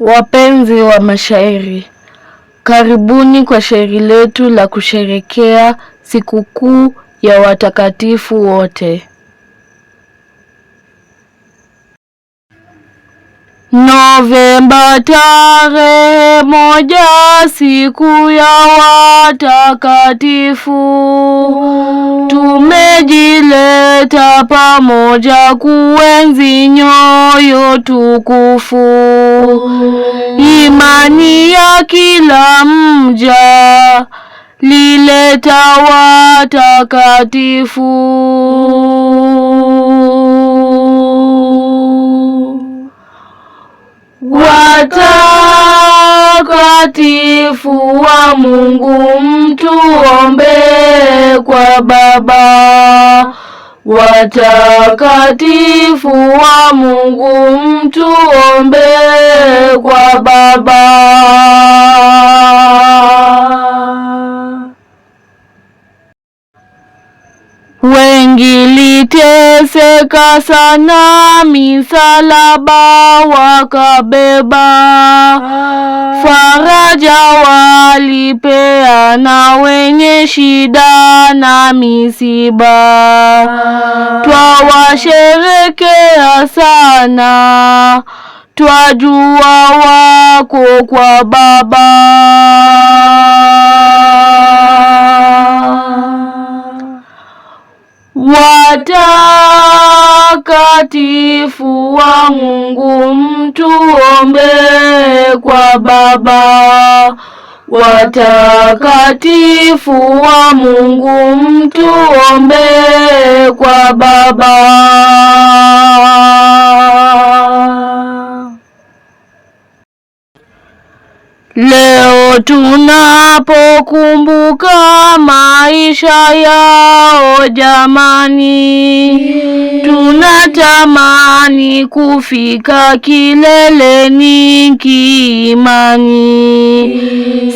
Wapenzi wa mashairi, karibuni kwa shairi letu la kusherekea sikukuu ya watakatifu wote. Novemba tarehe moja, siku ya watakatifu, tumejileta pamoja kuenzi nyoyo tukufu imani ya kila mja lileta watakatifu. Watakatifu wa Mungu mtuombe kwa Baba Watakatifu wa Mungu ombe kwa Baba. Niliteseka sana, misalaba wakabeba, ah. faraja walipeana wenye shida na misiba, ah. twawasherekea sana, twajua wako kwa Baba. Watakatifu wa Mungu mtuombe kwa Baba. Watakatifu wa Mungu mtuombe kwa Baba. Leo tunapokumbu kuvuka maisha yao jamani, tunatamani kufika kileleni kiimani.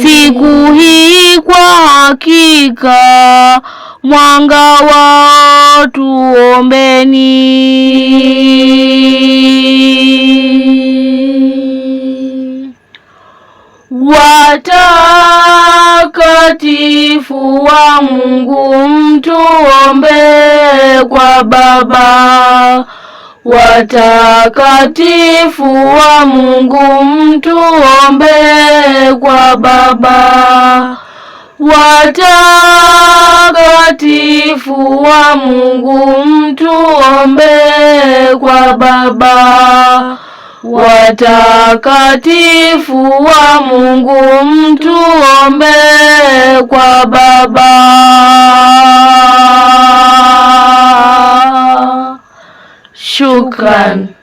Siku hii kwa hakika mwanga wao tuombeni. watakatifu wa Mungu mtuombee kwa Baba. Watakatifu wa Mungu mtuombee kwa Baba. Watakatifu wa Mungu mtuombee kwa Baba. Watakatifu wa Mungu mtuombee kwa Baba. Shukran.